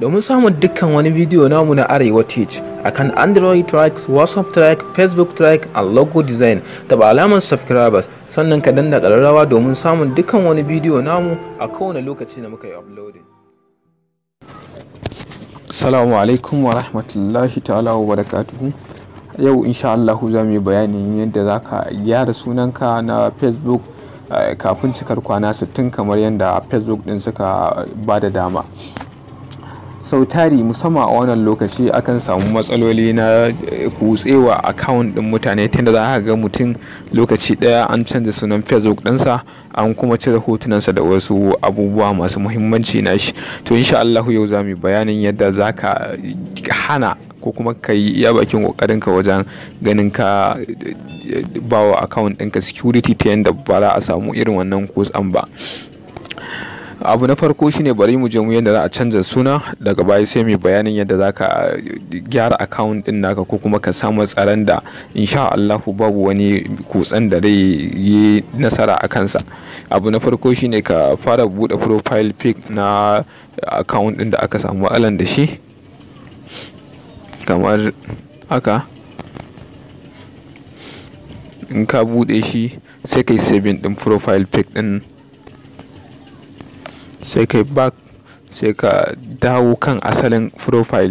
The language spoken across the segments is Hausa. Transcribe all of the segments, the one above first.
domin samun dukkan wani bidiyo namu na arewa teach akan android tracks whatsapp track facebook track and logo design taba alamar subscribers sannan ka danna kararrawa domin samun dukkan wani bidiyo namu a kowane lokaci da muka yi uploading salamu alaikum wa rahmatullahi ta'ala wa barakatuhu yau insha Allah za mu yi bayanin yadda za ka gyara sunanka na facebook eh, kafin cikar kwana 60 kamar yadda facebook din suka ba da dama sau tari musamman a wannan lokaci akan samu matsaloli na eh, kutsewa account din mutane tunda za a ga mutum lokaci daya an canza sunan facebook dinsa an kuma cire hotunansa da wasu abubuwa masu muhimmanci na shi to insha Allah yau za mu bayanin yadda za ka hana ko kuma ka yi iya bakin kokarin ka wajen ganin ka eh, bawa account ɗinka security ta yadda ba za a samu irin wannan kutsan ba abu na farko shine bari mu je mu yadda za a canza suna daga baya sai mai bayanin yadda za ka eh, gyara account din naka ko kuma ka samu tsaron da insha Allahu babu wani kutsen da zai yi nasara a kansa abu na farko shine ka fara bude profile pic na account din da aka samu matsalan da shi kamar haka in ka bude shi sai kai saving din profile pic din sai kai back sai ka dawo kan asalin profile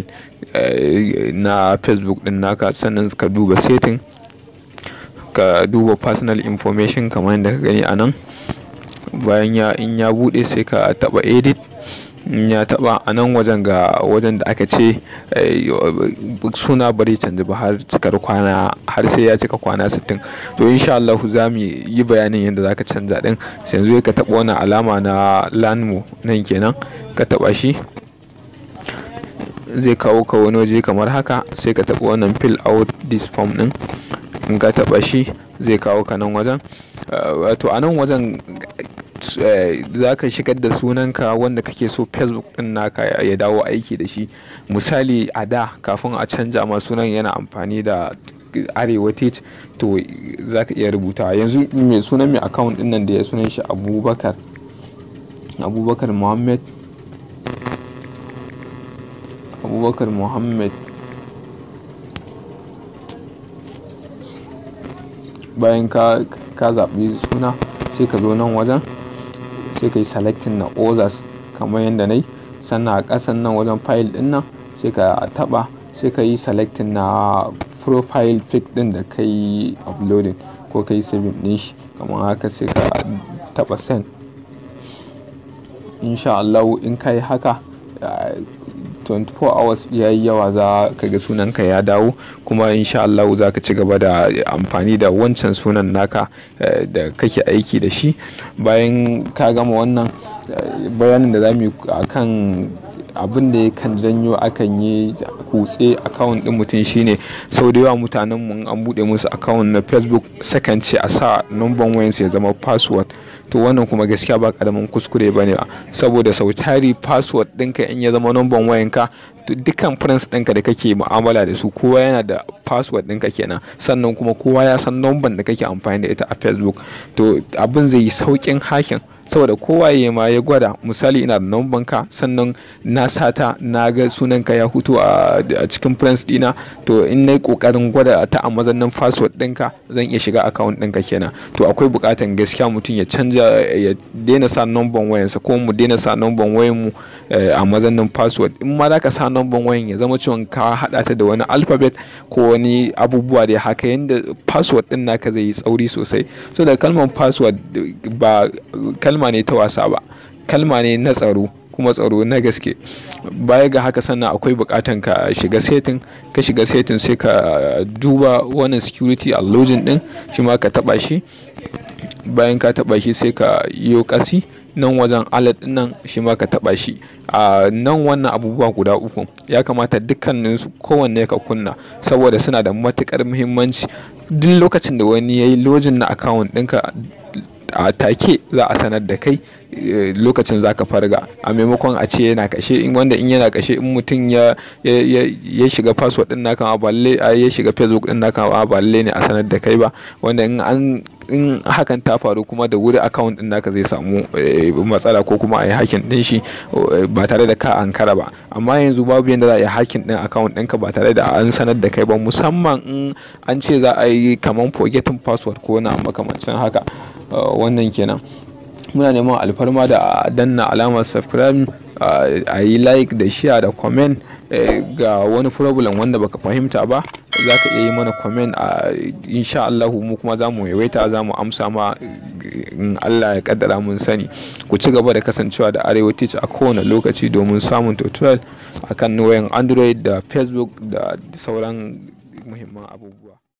eh, na facebook din naka sannan ka duba setting ka duba personal information kamar yadda ka gani a nan bayan ya in ya bude sai ka taba edit ya taba a nan wajen ga wajen da aka ce eh, suna bari canji ba har cikar kwana har sai ya cika kwana 60 to insha Allah za mu yi bayanin yadda za ka canza din sai yanzu ka taba wannan alama na lanmu nan kenan ka taba shi zai kawo ka wani waje kamar haka sai ka taba wannan fill out this form din in ka taba shi zai kawo ka nan wajen eh, wato a nan wajen Eh, za ka shigar da sunanka wanda kake so facebook din naka ya dawo aiki da shi misali a da kafin a canja ma sunan yana amfani da arewa tech to za ka iya rubuta yanzu mai sunan mai account din nan da ya sunan shi abubakar abubakar muhammad abubakar muhammad bayan ka zaɓi suna sai ka zo nan wajen sai ka yi selecting na others kamar yadda na yi sannan a ƙasan nan wajen file ɗin nan sai ka taɓa sai ka yi selecting na profile pic ɗin da ka yi uploading ko ka yi saving din shi kamar haka sai ka taɓa send insha Allah in ka yi haka 24 hours ya yi yawa za ka ga ka ya dawo kuma insha Allah za ka ci gaba da amfani da wancan sunan naka eh, da kake aiki da shi bayan ka gama wannan eh, bayanin da za mu yi akan abin da kan janyo akan yi kutse akawun din mutum shine sau da yawa mutanen mun an bude musu akawun na facebook sakan ce a sa numban wayansu ya zama password to wannan kuma gaskiya ba karamin kuskure bane ba saboda sautari tari password ɗinka in ya zama numban wayanka dukkan prince ɗinka da kake mu'amala da su kowa yana da password ɗinka kenan sannan kuma kowa ya san numban da kake amfani da ita a facebook to abin zai yi saukin hakin saboda kowaye ma ya gwada misali ina da numban ka sannan na sata na ga sunan ka ya hutu a cikin friends dina to in na yi kokarin gwada ta a mazannin password dinka zan iya shiga account ɗinka kenan to akwai bukatan gaskiya mutum ya canja ya daina sa numban wayansa ko mu daina sa numban wayan mu eh, a mazannin password in ma za ka sa numban wayan ya zama cewa ka haɗa ta da wani alfabet ko wani abubuwa da haka yanda password ɗin naka zai yi tsauri sosai so da kalmar password ba kalma ne ta wasa ba kalma ne na tsaro kuma tsaro na gaske baya ga haka sannan akwai bukatan ka shiga setin ka shiga setin sai ka duba wannan security allogin din shi ma ka taba shi bayan ka taba shi sai ka yi kasi nan wajen alat nan shi ma ka taba shi a nan wannan abubuwa guda uku ya kamata dukkanin su kowanne ka kunna saboda suna da matukar muhimmanci duk lokacin da wani ya yi lojin na account ɗinka a take za a sanar da kai eh, lokacin za ka farga a maimakon a ce yana kashe in wanda in yana kashe in mutum ya ya shiga password din naka ba balle ya shiga facebook din naka ba balle ne a sanar da kai ba wanda in an in hakan ta faru kuma da wuri account din naka zai samu eh, matsala ko kuma a yi hakin din shi eh, ba tare da ka ankara ba amma yanzu babu yadda za a yi hakin din account ɗinka ba tare da an sanar da kai ba musamman in an ce za a yi kamar forgetting password ko na makamancin haka eh, wannan kenan muna neman alfarma da danna alamar subscribe Uh, a yi like da share da comment eh, ga wani problem wanda baka fahimta ba za ka iya yi mana comment a uh, insha Allah mu kuma za mu yawaita za mu amsa ma in Allah ya kaddara mun sani ku ci gaba da kasancewa da arewa a kowane lokaci domin samun tutorial akan wayan android da facebook da sauran muhimman abubuwa